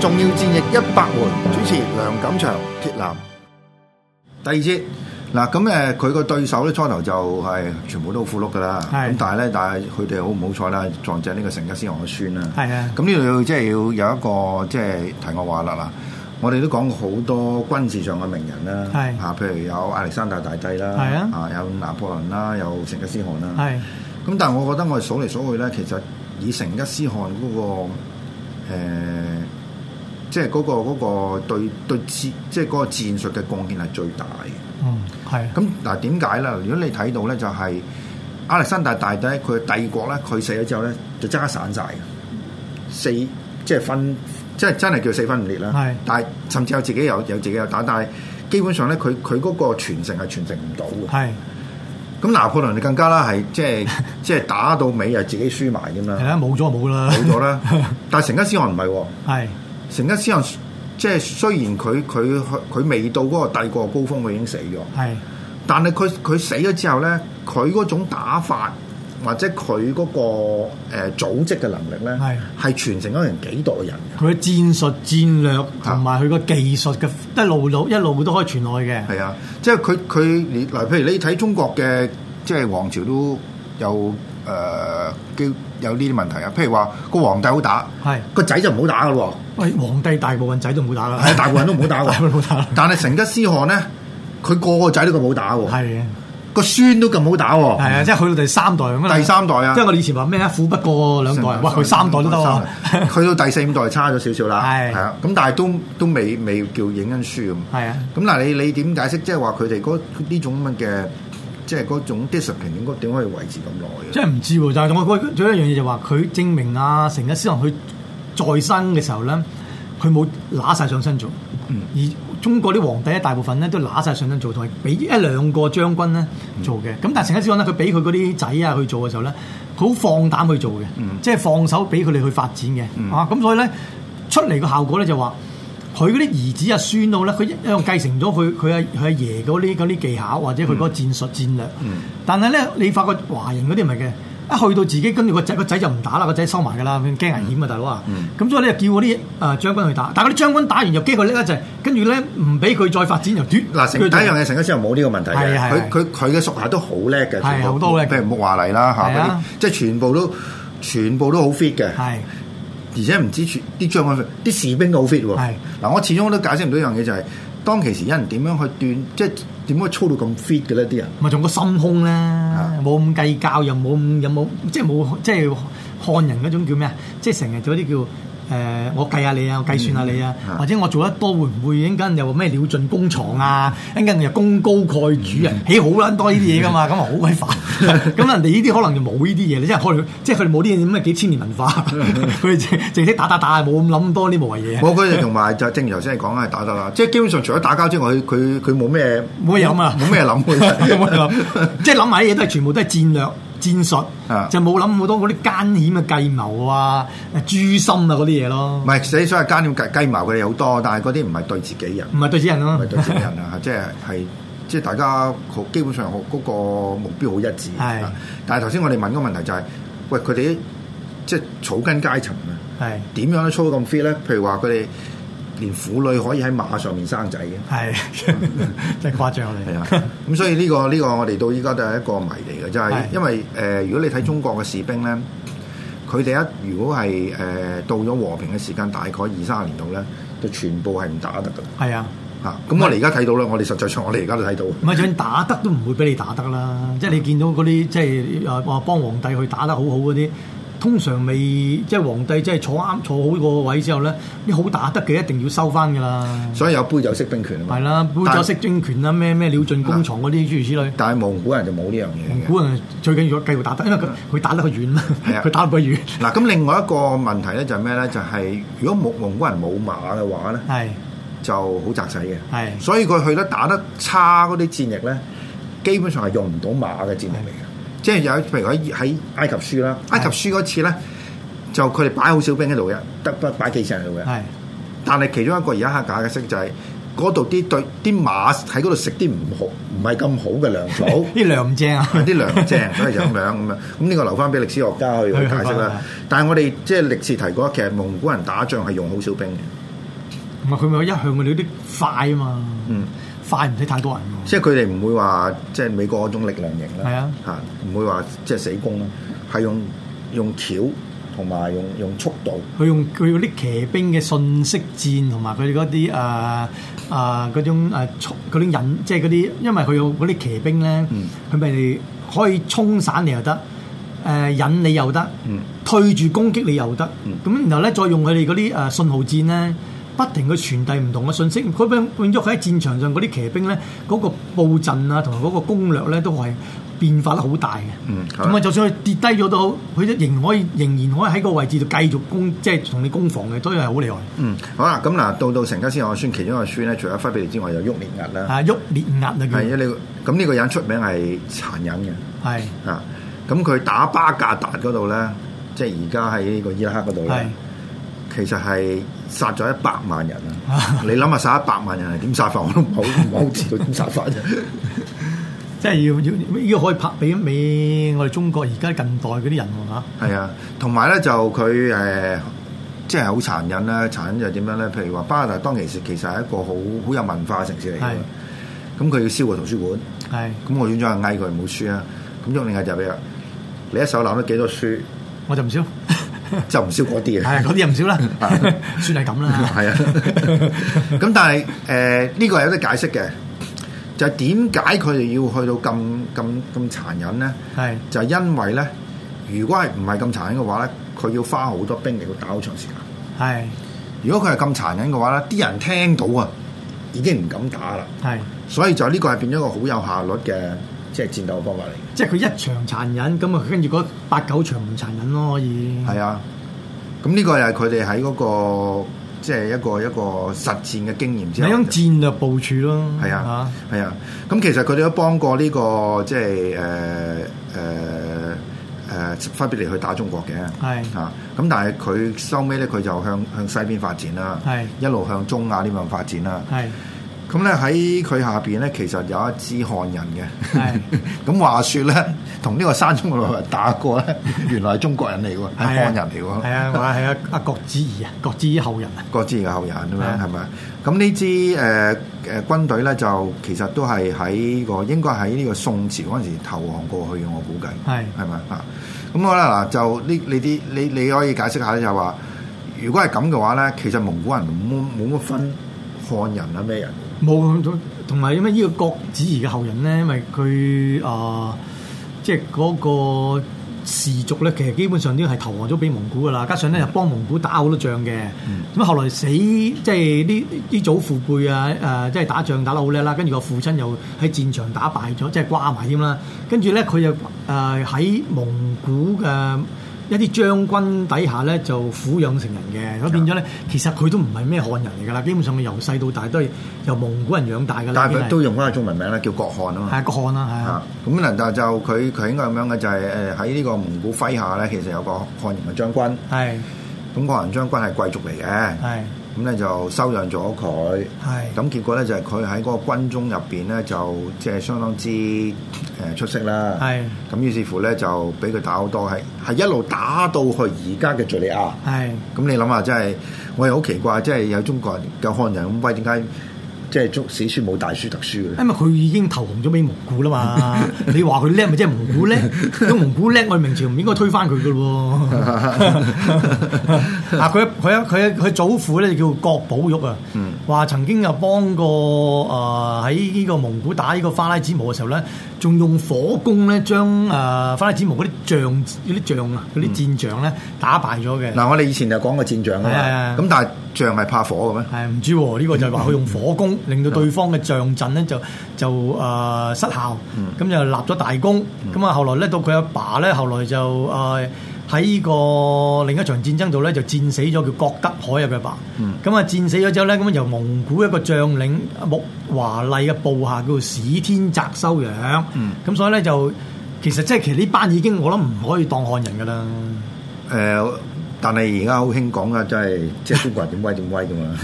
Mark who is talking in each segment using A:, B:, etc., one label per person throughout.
A: 重要戰役一百回，主持梁錦祥、鐵男。第二節嗱，咁誒，佢個、呃、對手咧初頭就係、是、全部都富碌噶啦，咁的但係咧，但係佢哋好唔好彩啦，撞正呢個成吉思汗嘅孫啦。係啊的，咁呢度要即係要有一個即係、就是、題外話啦嗱，我哋都講過好多軍事上嘅名人啦，吓的，譬如有亞歷山大大帝啦，吓的，有拿破崙啦，有成吉思汗啦，係的。咁但係我覺得我哋數嚟數去咧，其實以成吉思汗嗰、那個誒。呃即係嗰、那個嗰、那個對戰，即係嗰個戰術嘅貢獻係最大嘅。
B: 嗯，係。咁
A: 嗱點解咧？如果你睇到咧，就係亞歷山大大帝佢嘅帝國咧，佢死咗之後咧，就即刻散晒。嘅。四即係、就是、分，即、就、係、是、真係叫四分五裂啦。係的。但係甚至有自己有有自己有打，但係基本上咧，佢佢嗰個傳承係傳承唔到嘅。係的。咁拿破崙就更加啦，係即係 即係打到尾又自己輸埋咁樣。係啊，冇咗就冇啦。冇咗啦。 但係成吉思汗唔係喎。成吉思汗即係雖然佢佢佢未到嗰個帝國高峰，佢已經死咗。係是的，但係佢佢死咗之後咧，佢嗰種打法或者佢嗰個誒組織嘅能力咧，係係是的 傳承咗人
B: 幾代人。佢嘅戰術戰略同埋佢個技術嘅、啊、一路路一路都可以傳落去嘅。係啊，
A: 即係佢佢嗱，譬如你睇中國嘅即係皇朝都有。誒，有呢啲問題啊？譬如話個皇帝好打，係個仔就唔好打噶咯。喂，皇帝大部分仔都唔好打啦，係大部分人都唔好打噶，唔好打。但係成吉
B: 思汗咧，佢個個仔都咁好打噶，係個孫都咁好打。係啊，即係去到第三代咁啊。第三代啊，即係我以前話咩啊？富不過兩代，哇，佢三代都得，去
A: 到第四五代差咗少少啦。係係啊，咁但係都都未未叫影印書咁。係啊，咁但係你你點解釋？即係話佢哋嗰呢種咁嘅。即係嗰種 discipline 應該點可以維持咁耐嘅？
B: 即係唔知喎，就係仲有一樣嘢就話、是、佢證明啊，成吉思汗佢在生嘅時候咧，佢冇揦晒上身做，嗯、而中國啲皇帝咧，大部分咧都揦晒上身做，就係俾一兩個將軍咧、嗯、做嘅。咁但係成吉思汗咧，佢俾佢嗰啲仔啊去做嘅時候咧，佢好放膽去做嘅，嗯、即係放手俾佢哋去發展嘅。嗯、啊，咁所以咧出嚟個效果咧就話。佢嗰啲兒子啊，孫到咧，佢一樣繼承咗佢佢阿佢阿爺嗰啲啲技巧，或者佢嗰個戰術、嗯、戰略。但係咧，你發覺華人嗰啲唔係嘅，一去到自己跟住個仔個仔就唔打啦，個仔收埋㗎啦，驚危險啊，大佬啊！咁、嗯、所以你就叫嗰啲誒將軍去打，但係嗰啲將軍打完又驚佢叻一陣，跟住咧唔俾佢再發展又斷。嗱成，成第一成樣嘢成
A: 咗之後冇呢個問題，佢佢佢嘅屬下都好叻嘅，全部好多好叻嘅，譬如木華黎啦嚇，即係全部都全部都好 fit 嘅。而且唔知全啲將軍，啲士兵都好 fit 喎。嗱係，我始終都解釋唔到一樣嘢，就係，就係當其時有人點樣去鍛，即係點樣去操到咁 fit 嘅咧啲人。
B: 咪仲個心胸啦，啊，冇咁計較，又冇咁有冇，即係冇即係漢人嗰種叫咩啊？即係成日做啲叫。誒，我計下你啊，我計算下你啊，或者我做得多會唔會一陣間又話咩鳥盡弓藏啊，一陣間又功高蓋主啊，起好撚多呢啲嘢噶嘛，咁啊好鬼煩。咁人哋呢啲可能就冇呢啲嘢，你即係可能即係佢冇啲咁嘅幾千年文化，佢哋淨識打打打，冇諗咁多啲冇謂嘢。我覺得同
A: 埋就正如頭先係講係打得啦，即
B: 係基本上除咗打交
A: 之外，佢佢佢冇咩
B: 冇諗啊，冇咩諗，冇諗，即係諗埋啲嘢都係全部都係戰略。戰術就冇諗好多嗰啲艱險嘅計謀啊、誒、誅心啊嗰啲嘢咯。唔
A: 係，死所謂艱險計計謀佢哋好多，但係嗰啲唔係對自己人。唔係對自己人咯，唔係對自己人啊，即係係即係大家好基本上好嗰個目標好一致。係是，但係頭先我哋問個問題就係、是，喂佢哋即係草根階層啊，點是樣都操到咁 fit 咧？譬如話佢哋。連婦女可以喺馬上面生仔嘅，
B: 係真係誇張你，係啊的，
A: 咁 所以呢、呢個呢、呢個我哋到依家都係一個謎嚟嘅，就係、是、因為誒的、呃，如果你睇中國嘅士兵咧，佢哋一如果係誒、呃、到咗和平嘅時間，大概二三十年度咧，就全部係唔打得的。
B: 係啊的，
A: 啊，咁我哋而家睇到啦，的我哋實際上我哋而家都睇到。唔係，就算
B: 打得都唔會俾你打得啦，的即係你見到嗰啲即係誒話幫皇帝去打得很好好嗰啲，通常未即係皇帝即係坐啱坐好個位置之後咧，啲好打得嘅一定要收翻㗎啦。
A: 所以有杯酒釋兵權啊嘛。係
B: 啦是，杯酒釋兵權啦，咩咩鳥盡弓藏嗰啲諸如此類。啊、之類，但係蒙古人就冇呢樣嘢，蒙古人最緊要，如果繼續打得，因為佢佢打得去遠啦，佢、啊、打得去遠。嗱的，咁
A: 啊、另外一個問題咧就係咩咧？就係、是、如果蒙蒙古人冇馬嘅話咧，係的就好雜駁嘅。係的，所以佢去得打得差嗰啲戰役咧，基本上係用唔到馬嘅戰役嚟嘅。即係有，譬如喺喺埃及輸啦，埃及輸嗰次咧，就佢哋擺好少兵喺度嘅，得不擺幾成喺度嘅。係，但係其中一個而家黑解嘅色就係嗰度啲隊啲馬喺嗰度食啲唔好，唔係咁好嘅糧草，啲 糧，正、啊啊、糧正，正，啲糧正，所以就咁樣咁樣。咁呢 個留翻俾歷史學家去解釋啦。但係我哋即係歷史提過，其實蒙古人打仗係用好少兵嘅。
B: 唔係佢咪一向佢哋啲快啊嘛。嗯。快唔使太多人，
A: 即係佢哋唔會話即係美國嗰種力量型啦，係啊，係，嚇唔會話即係死攻咯，係用用橋同埋用用速度。
B: 佢用佢用啲騎兵嘅信息戰同埋佢哋嗰啲誒誒嗰種誒速嗰啲引，即係嗰啲，因為佢用嗰啲騎兵咧，佢咪、嗯、可以衝散你又得，誒、呃、引你又得，退住、嗯、攻擊你又得，咁、嗯、然後咧再用佢哋嗰啲誒信號戰咧。不停去傳遞唔同嘅信息，佢變喐喺戰場上嗰啲騎兵咧，嗰個佈陣啊，同埋嗰個攻略咧，都係變化得好大嘅。嗯，咁啊，就算佢跌低咗都好，佢都仍可以仍然可以喺個位置度繼續攻，即係同你攻防嘅，都係好厲害。
A: 嗯，好啦，咁嗱，到到成吉思汗，我孫其中一個孫咧，除咗忽必烈之外，有旭烈兀啦。啊，旭
B: 烈兀啊，係啊，你
A: 咁呢個人出名係殘忍嘅。係啊的，咁佢打巴格達嗰度咧，即係而家喺呢個伊拉克嗰度咧，是的其實係。殺咗一百萬人啊！ 你諗下殺一百萬人係點殺法我都唔好唔 好知道點殺法啫，
B: 即係要要要可以拍俾俾我哋中國而家近代嗰啲人吓。
A: 係 啊，同埋咧就佢誒、呃，即係好殘忍啦！殘忍就點樣咧？譬如話巴格達當其時其實係一個好好有文化嘅城市嚟嘅，咁佢的要燒個圖書館，咁的我院長又嗌佢冇書啊，咁用另外就俾啦，你一手攬咗幾多書，我就唔燒。 就唔少嗰啲嘢，係嗰啲
B: 唔少啦，算係咁啦。係啊，
A: 咁但係誒呢個係有得解釋嘅，就係點解佢哋要去到咁咁咁殘忍咧？
B: 係
A: 就係因為咧，如果係唔係咁殘忍嘅話咧，佢要花好多兵力去打好長時間。係，如果佢係咁殘忍嘅話咧，啲人聽到啊，已經唔敢打啦。係所以就呢個係變咗一個好有效率嘅。即係戰鬥嘅方法
B: 嚟，即係佢一場殘忍，咁啊跟住嗰八九場唔殘忍咯，可以。係啊，咁呢個又係佢哋喺
A: 嗰個即係一個一個實戰嘅經驗之後。你
B: 戰略部署咯。係啊，係
A: 啊，咁、啊、其實佢哋都幫過呢、這個即係誒誒誒，忽必烈嚟去打中國嘅。係是 啊，咁但係佢收尾咧，佢就向向西邊發展啦，係是 一路向中亞呢邊發展啦，係。咁咧喺佢下面咧，其實有一支漢人嘅。咁是的 話說咧，同呢個山中老人打過咧，原來係中國人嚟喎，係漢人嚟喎。係啊，
B: 係啊，阿郭子儀
A: 啊，郭子儀後人啊。郭子儀嘅後人，咁樣係咪？咁呢是的 支誒誒、呃、軍隊咧，就其實都係喺個應該喺呢個宋朝嗰陣時投降過去嘅。我估計係咪啊？咁好啦嗱，就呢啲你你,你可以解釋下咧，就話如果係咁嘅話咧，其實蒙古人冇冇乜分漢人啊咩人？冇咁
B: 多，同埋因為呢個郭子儀嘅後人咧，因為佢啊，即係嗰個氏族咧，其實基本上已經係投降咗俾蒙古噶啦，加上咧又幫蒙古打好多仗嘅。咁後來死，即係呢啲祖父輩啊，呃，即係打仗打得好叻啦，跟住個父親又喺戰場打敗咗，即係掛埋添啦。跟住咧，佢又誒喺蒙古嘅。一啲將軍底下咧就撫養成人嘅，咁變咗咧，其實佢都唔係咩漢人嚟噶啦，基本上佢由細到大都係由蒙古人養大噶啦。但係佢都
A: 用翻個中文名啦，叫郭侃啊嘛。係郭侃啦，係啊。咁但就就佢佢應該咁樣嘅就係誒喺呢個蒙古麾下咧，其實有個漢人嘅將軍。係的。咁漢人將軍係貴族嚟嘅。係。咁咧就收養咗佢，咁是結果咧就係佢喺嗰個軍中入邊咧就即係相當之誒出色啦。咁是於是乎咧就俾佢打好多，係係一路打到去而家嘅敍利亞。咁是你諗下，真係我又好奇怪，即係有中國人、有漢人咁，喂，點解即係中史書冇大書
B: 特書嘅咧？因為佢已經投降咗俾蒙古啦嘛。 你話佢叻咪即係蒙古叻？咁 蒙古叻，我明朝唔應該推翻佢嘅咯喎。 嗱，佢佢佢佢祖父咧就叫郭寶玉啊，話、嗯、曾經又幫過誒喺呢個蒙古打呢個花剌子模嘅時候咧，仲用火攻咧將誒花剌子模嗰啲象啲象啊啲戰象咧打敗咗嘅。嗱，我
A: 哋以前就講過戰象是啊，啊，
B: 咁但係象係怕火嘅咩？係唔知呢個就係話佢用火攻、嗯、令到對方嘅象陣咧就就誒、呃、失效，咁、嗯、就立咗大功。咁啊，後來咧到佢阿爸咧，後來就誒。呃喺呢個另一場戰爭度咧，就戰死咗叫郭德海入嘅爸，咁啊、嗯、戰死咗之後咧，咁樣由蒙古一個將領木華黎嘅部下叫史天澤收養，咁、嗯、所以咧就其實即係其實呢班已經我諗唔可以當漢人㗎啦、呃。
A: 誒。但係而家好興講啊，真係
B: 即係中國人點威點威噶嘛？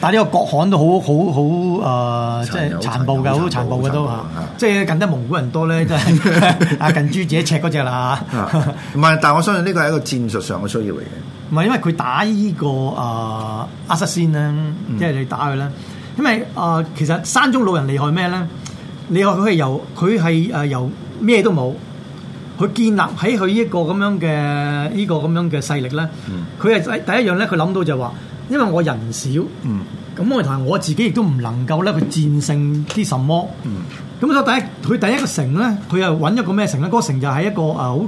B: 但呢個國殼都好好好誒，即係、呃、殘，有 殘暴嘅，好殘，殘，殘暴嘅都啊！即係近得蒙古人多咧，即係 啊近朱者赤嗰隻啦
A: 嚇！唔係、啊，但係我相信呢個係一個戰術上嘅需要嚟
B: 嘅。唔係因為佢打呢、呢個誒阿失先咧，即係你打佢咧，嗯、因為誒、呃、其實山中老人厲害咩咧？你話佢係由佢係誒由咩都冇。佢建立喺佢呢個咁樣嘅呢個咁樣嘅勢力咧，佢係、嗯、第一樣咧，佢諗到就話，因為我人少，咁我同我自己亦都唔能夠咧去戰勝啲什麼。咁、嗯、所以第一佢第一個城咧，佢又揾一個咩城咧？個、嗰個城就係一個好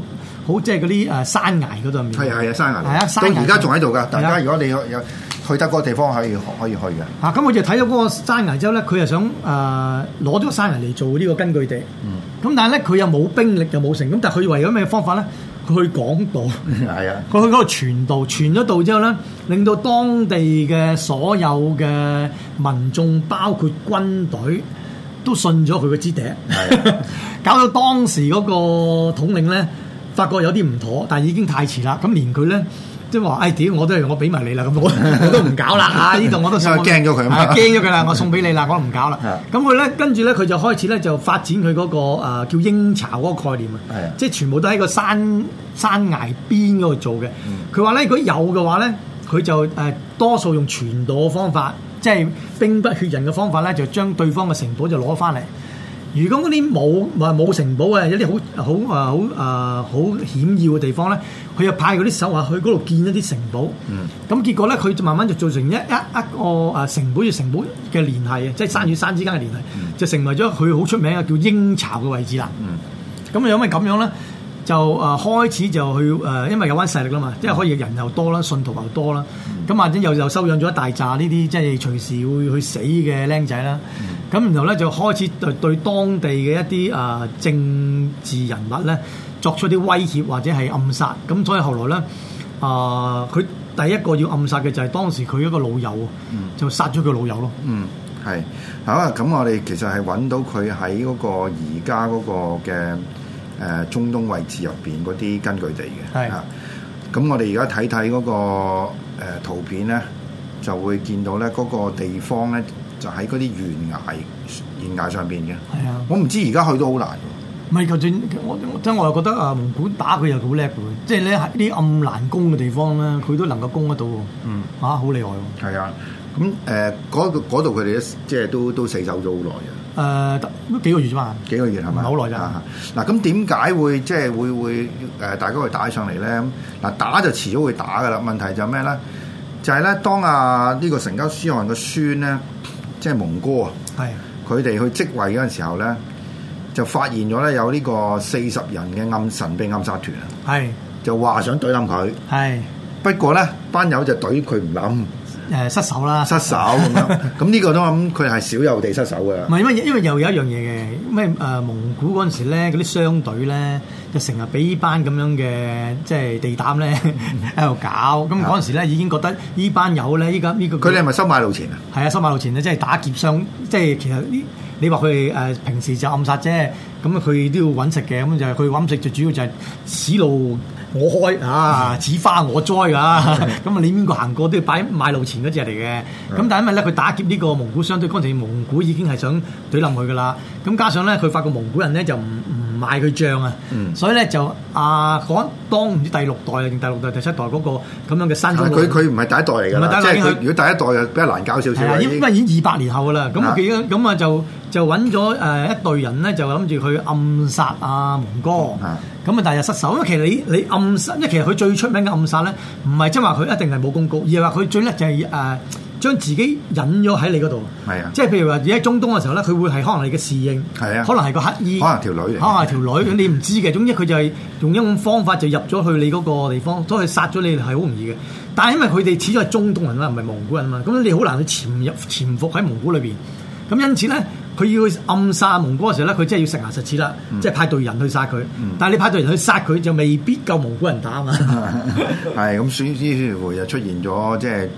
B: 好即係嗰啲山崖嗰度。係啊係啊，山崖。係啊，山咁而家仲喺度㗎。在在的大家
A: 如果你有有。去得嗰個地方可以可以去
B: 嘅。啊，咁佢就睇到嗰個山崖之後咧，佢又想誒攞咗山崖嚟做呢個根據地。嗯。咁但係咧，佢又冇兵力又冇城。咁但係佢為咗咩方法咧？佢去講道。係啊、嗯。佢去嗰度傳道，傳咗道之後咧，令到當地嘅所有嘅民眾，包括軍隊，都信咗佢嘅支笛。係、嗯。 搞到當時嗰個統領咧，發覺有啲唔妥，但係已經太遲啦。咁連佢咧。即係話，唉屌、哎！我都係我俾埋你啦，咁我、 啊、我都唔搞啦呢度我都，驚咗佢，驚咗佢啦！我送俾你啦， 我唔搞啦。咁佢咧，跟住咧，佢就開始咧，就發展佢嗰、那個、呃、叫鷹巢嗰個概念啊。的即係全部都喺個山山崖邊嗰度做嘅。佢話咧，如果有嘅話咧，佢就、呃、多數用傳導嘅方法，即係兵不血刃嘅方法咧，就將對方嘅城堡就攞翻嚟。如果嗰啲冇唔冇城堡啊，有啲好好啊好啊好險要嘅地方咧，佢就派嗰啲手啊去嗰度建一啲城堡。嗯，咁結果咧，佢就慢慢就造成一一一個啊城堡與城堡嘅聯繫啊，即係山與山之間嘅聯繫，嗯、就成為咗佢好出名嘅叫鷹巢嘅位置啦。嗯，這樣呢，咁有咩咁樣咧。就誒、呃、開始就去誒、呃，因為有番勢力啦嘛，即係可以人又多啦，信徒又多啦，咁或者又又收養咗一大紮呢啲即係隨時會去死嘅僆仔啦。咁、嗯、然後咧就開始對對當地嘅一啲誒、呃、政治人物咧作出啲威脅或者係暗殺。咁所以後來咧，啊、呃、佢第一個要暗殺嘅就係當時佢一個老友，嗯、就殺咗佢老友咯。嗯，
A: 係啊，咁我哋其實係揾到佢喺嗰個而家嗰個嘅。誒，中東位置入邊嗰啲根據地嘅，係是啊，咁我哋而家睇睇嗰個誒圖片咧，就會見到咧嗰個地方咧，就喺嗰啲懸崖懸崖上邊嘅。係啊，我唔知而家去都好難。唔
B: 係，就算、是、我真係我又覺得啊，蒙古打佢又好叻嘅，即係咧啲暗難攻嘅地方咧，佢都能夠攻得到喎。嗯，啊，好厲害喎。
A: 係啊，咁誒嗰度佢哋即係都都死守咗好耐嘅。誒得幾個月啫嘛，幾個月係咪？好耐咋？嗱，咁點解會即係會會誒、呃、大家會打上嚟咧？嗱，打就遲早會打噶啦。問題就係咩咧？就係咧，當啊，呢、呢個成吉思汗嘅孫咧，即係蒙哥啊，佢哋是的 去即位嗰陣時候咧，就發現咗咧有呢個四十人嘅暗神秘暗殺團啊，係是的 就話想懟冧佢，係是的 不過咧，班友就懟佢唔冧。誒、呃、失手啦，失手咁樣，咁呢 個都諗佢係少有地失手嘅。
B: 唔係因為因為又有一樣嘢嘅，咩、呃、誒蒙古嗰陣時咧，嗰啲商隊咧就成日俾呢班咁樣嘅即係地膽咧喺度搞。咁嗰陣時咧已經覺得班呢班友咧依家依個佢哋係咪收買路錢啊？係啊，收買路錢即係打劫商。即係其實你話佢哋平時就暗殺啫，咁佢都要揾食嘅，咁就佢揾食就主要就係絲路。我開啊，此花我栽㗎！咁啊、嗯， 你邊個行過都要擺買路錢嗰隻嚟嘅。咁、嗯、但因為咧，佢打劫呢個蒙古商隊，乾淨蒙古已經係想懟冧佢噶啦。咁加上咧，佢發覺蒙古人咧就唔唔買佢帳、嗯、啊。所以咧就啊，講當唔知第六代定第六代第七代嗰個咁樣嘅山佢佢
A: 唔係第一代嚟㗎啦，第一代即係佢如果第一代就比較難搞少少。係啊，已經二
B: 百年後啦，咁啊幾啊，咁啊就就揾咗誒一隊人咧，就諗住去暗殺阿蒙哥，啊。咁啊！第日失手，因為其實你你暗殺，因為其實佢最出名嘅暗殺咧，唔係即係話佢一定係武功高，而係話佢最叻就係、是、誒、呃、將自己引咗喺你嗰度。係是啊，即係譬如話，而家中東嘅時候咧，佢會係可能是你嘅侍應，係是啊，可能係個黑衣，可能，是女可能是條女可能條女，嗯、你唔知嘅。總之佢就係用一種方法就入咗去你嗰個地方，所以佢殺咗你係好容易嘅。但係因為佢哋始終係中東人啦，唔係蒙古人啊嘛，咁你好難去潛入潛伏喺蒙古裏邊。咁因此咧。佢要去暗殺蒙古嘅時候咧，佢真係要實牙實齒啦，即、就、係、是、派隊人去殺佢。嗯、但係你派隊人去殺佢，就未必夠蒙古人打啊嘛、嗯。
A: 係、嗯、咁，所以呢條回又出現咗，即、就、係、是、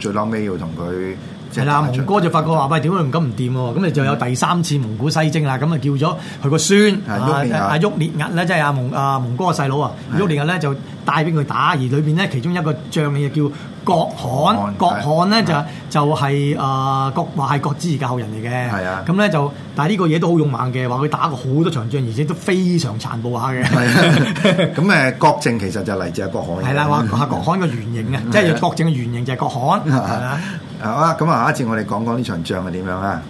A: 最撈尾要同佢。係啦，蒙
B: 哥就發覺話：喂，點解唔咁唔掂喎？咁你就有第三次蒙古西征啦。咁啊，叫咗佢個孫阿旭烈兀咧，即係阿蒙阿蒙哥個細佬啊。旭烈兀咧就帶兵去打，而裏邊咧其中一個將就叫郭侃。郭侃咧就就係啊郭話係郭子儀嘅後人嚟嘅。係啊。咁咧就，但係呢個嘢都好勇猛嘅，話佢打過好多場仗，而且都非常殘暴下嘅。
A: 咁誒郭靖其實就嚟自阿郭侃。係啦，話郭侃個原型
B: 啊，即係郭靖嘅原型就係郭侃。係啊。
A: 好啦，咁啊下一節我哋講講呢場仗係點樣啊？